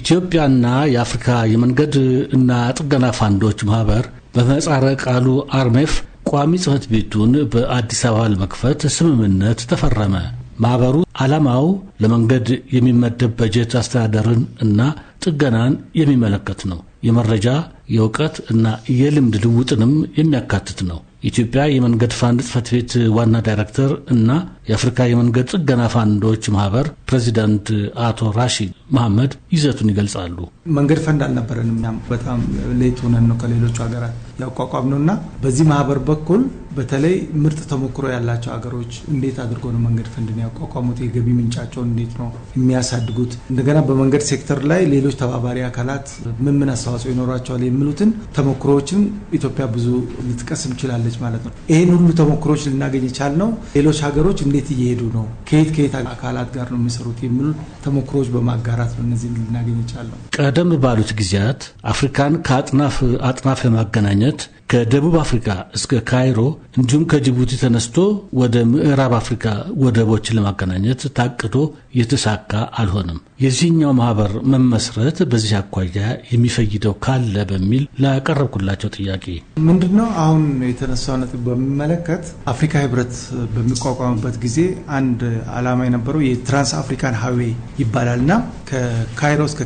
ኢትዮጵያና የአፍሪካ የመንገድ እና ጥገና ፋንዶች ማህበር በመጻረ ቃሉ አርሜፍ ቋሚ ጽህፈት ቤቱን በአዲስ አበባ ለመክፈት ስምምነት ተፈረመ። ማህበሩ ዓላማው ለመንገድ የሚመደብ በጀት አስተዳደርን እና ጥገናን የሚመለከት ነው። የመረጃ የእውቀት እና የልምድ ልውጥንም የሚያካትት ነው። ኢትዮጵያ የመንገድ ፋንድ ጽህፈት ቤት ዋና ዳይሬክተር እና የአፍሪካ የመንገድ ጥገና ፋንዶች ማህበር ፕሬዚዳንት አቶ ራሺድ መሐመድ ይዘቱን ይገልጻሉ። መንገድ ፈንድ አልነበረንም ያም በጣም ሌት ሆነን ነው ከሌሎቹ ሀገራት ያቋቋም ነው እና በዚህ ማህበር በኩል በተለይ ምርጥ ተሞክሮ ያላቸው ሀገሮች እንዴት አድርገው ነው መንገድ ፈንድን ያቋቋሙት? የገቢ ምንጫቸውን እንዴት ነው የሚያሳድጉት? እንደገና በመንገድ ሴክተር ላይ ሌሎች ተባባሪ አካላት ምን ምን አስተዋጽኦ ይኖራቸዋል የሚሉትን ተሞክሮዎችን ኢትዮጵያ ብዙ ልትቀስም ችላለች ማለት ነው። ይህን ሁሉ ተሞክሮች ልናገኝ የቻልነው ሌሎች ሀገሮች እንዴት እየሄዱ ነው፣ ከየት ከየት አካላት ጋር ነው የሚሰሩት የሚሉ ተሞክሮዎች በማጋራት ነው እነዚህ ልናገኝ ይቻለው። ቀደም ባሉት ጊዜያት አፍሪካን ከአጥናፍ አጥናፍ ለማገናኘት ከደቡብ አፍሪካ እስከ ካይሮ እንዲሁም ከጅቡቲ ተነስቶ ወደ ምዕራብ አፍሪካ ወደቦችን ለማገናኘት ታቅዶ የተሳካ አልሆነም። የዚህኛው ማህበር መመስረት በዚህ አኳያ የሚፈይደው ካለ በሚል ላቀረብኩላቸው ጥያቄ ምንድነው አሁን የተነሳው ነጥብ በሚመለከት አፍሪካ ህብረት በሚቋቋምበት ጊዜ አንድ ዓላማ የነበረው የትራንስ አፍሪካን ሀዌ ይባላልና ከካይሮ እስከ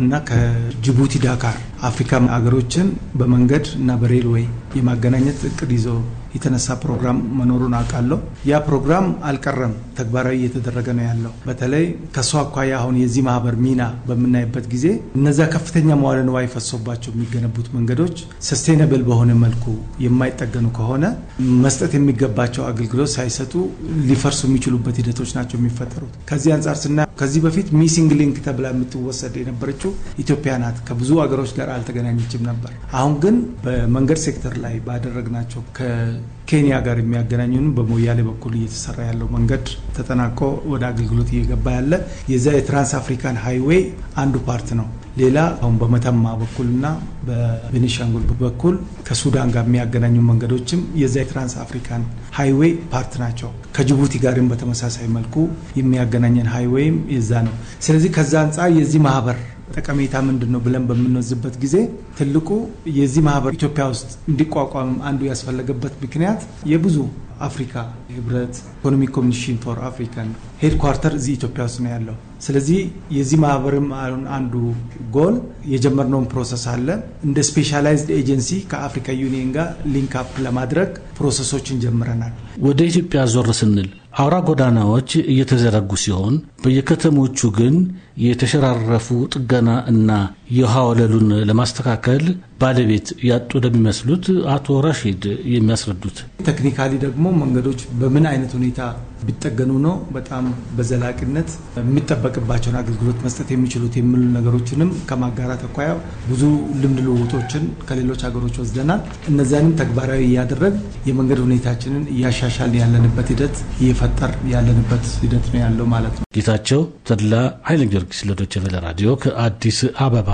እና ከጅቡቲ ዳካር አፍሪካ አገሮችን በመንገድ እና በሬልወይ የማገናኘት እቅድ ይዞ የተነሳ ፕሮግራም መኖሩን አውቃለሁ። ያ ፕሮግራም አልቀረም፣ ተግባራዊ እየተደረገ ነው ያለው። በተለይ ከሱ አኳያ አሁን የዚህ ማህበር ሚና በምናይበት ጊዜ እነዛ ከፍተኛ መዋለ ንዋይ ፈሶባቸው የሚገነቡት መንገዶች ሰስቴነብል በሆነ መልኩ የማይጠገኑ ከሆነ መስጠት የሚገባቸው አገልግሎት ሳይሰጡ ሊፈርሱ የሚችሉበት ሂደቶች ናቸው የሚፈጠሩት። ከዚህ አንጻር ስና ከዚህ በፊት ሚሲንግ ሊንክ ተብላ የምትወሰድ የነበረችው ኢትዮጵያ ናት። ከብዙ አገሮች ጋር አልተገናኘችም ነበር። አሁን ግን በመንገድ ሴክተር ላይ ባደረግናቸው ከኬንያ ጋር የሚያገናኙንም በሞያሌ በኩል እየተሰራ ያለው መንገድ ተጠናቆ ወደ አገልግሎት እየገባ ያለ የዛ የትራንስ አፍሪካን ሃይዌይ አንዱ ፓርት ነው። ሌላ አሁን በመተማ በኩልና በቤኒሻንጉል በኩል ከሱዳን ጋር የሚያገናኙ መንገዶችም የዛ የትራንስ አፍሪካን ሃይዌይ ፓርት ናቸው። ከጅቡቲ ጋርም በተመሳሳይ መልኩ የሚያገናኘን ሃይዌይም የዛ ነው። ስለዚህ ከዛ አንጻር የዚህ ማህበር ጠቀሜታ ምንድን ነው ብለን በምንወዝበት ጊዜ ትልቁ የዚህ ማህበር ኢትዮጵያ ውስጥ እንዲቋቋም አንዱ ያስፈለገበት ምክንያት የብዙ አፍሪካ ህብረት ኢኮኖሚ ኮሚኒሽን ፎር አፍሪካን ሄድኳርተር እዚህ ኢትዮጵያ ውስጥ ነው ያለው። ስለዚህ የዚህ ማህበርም አንዱ ጎል የጀመርነውን ፕሮሰስ አለ እንደ ስፔሻላይዝድ ኤጀንሲ ከአፍሪካ ዩኒየን ጋር ሊንክ አፕ ለማድረግ ፕሮሰሶችን ጀምረናል። ወደ ኢትዮጵያ ዞር ስንል አውራ ጎዳናዎች እየተዘረጉ ሲሆን በየከተሞቹ ግን የተሸራረፉ ጥገና እና የውሃ ወለሉን ለማስተካከል ባለቤት ያጡ ለሚመስሉት አቶ ራሺድ የሚያስረዱት ቴክኒካሊ ደግሞ መንገዶች በምን አይነት ሁኔታ ቢጠገኑ ነው በጣም በዘላቂነት የሚጠበቅባቸውን አገልግሎት መስጠት የሚችሉት የሚሉ ነገሮችንም ከማጋራት አኳያ ብዙ ልምድ ልውውጦችን ከሌሎች ሀገሮች ወስደናል። እነዚያንም ተግባራዊ እያደረግ የመንገድ ሁኔታችንን እያሻሻል ያለንበት ሂደት እየፈጠር ያለንበት ሂደት ነው ያለው ማለት ነው። ጌታቸው ተድላ ኃይለ ጊዮርጊስ ለዶይቼ ቬለ ራዲዮ ከአዲስ አበባ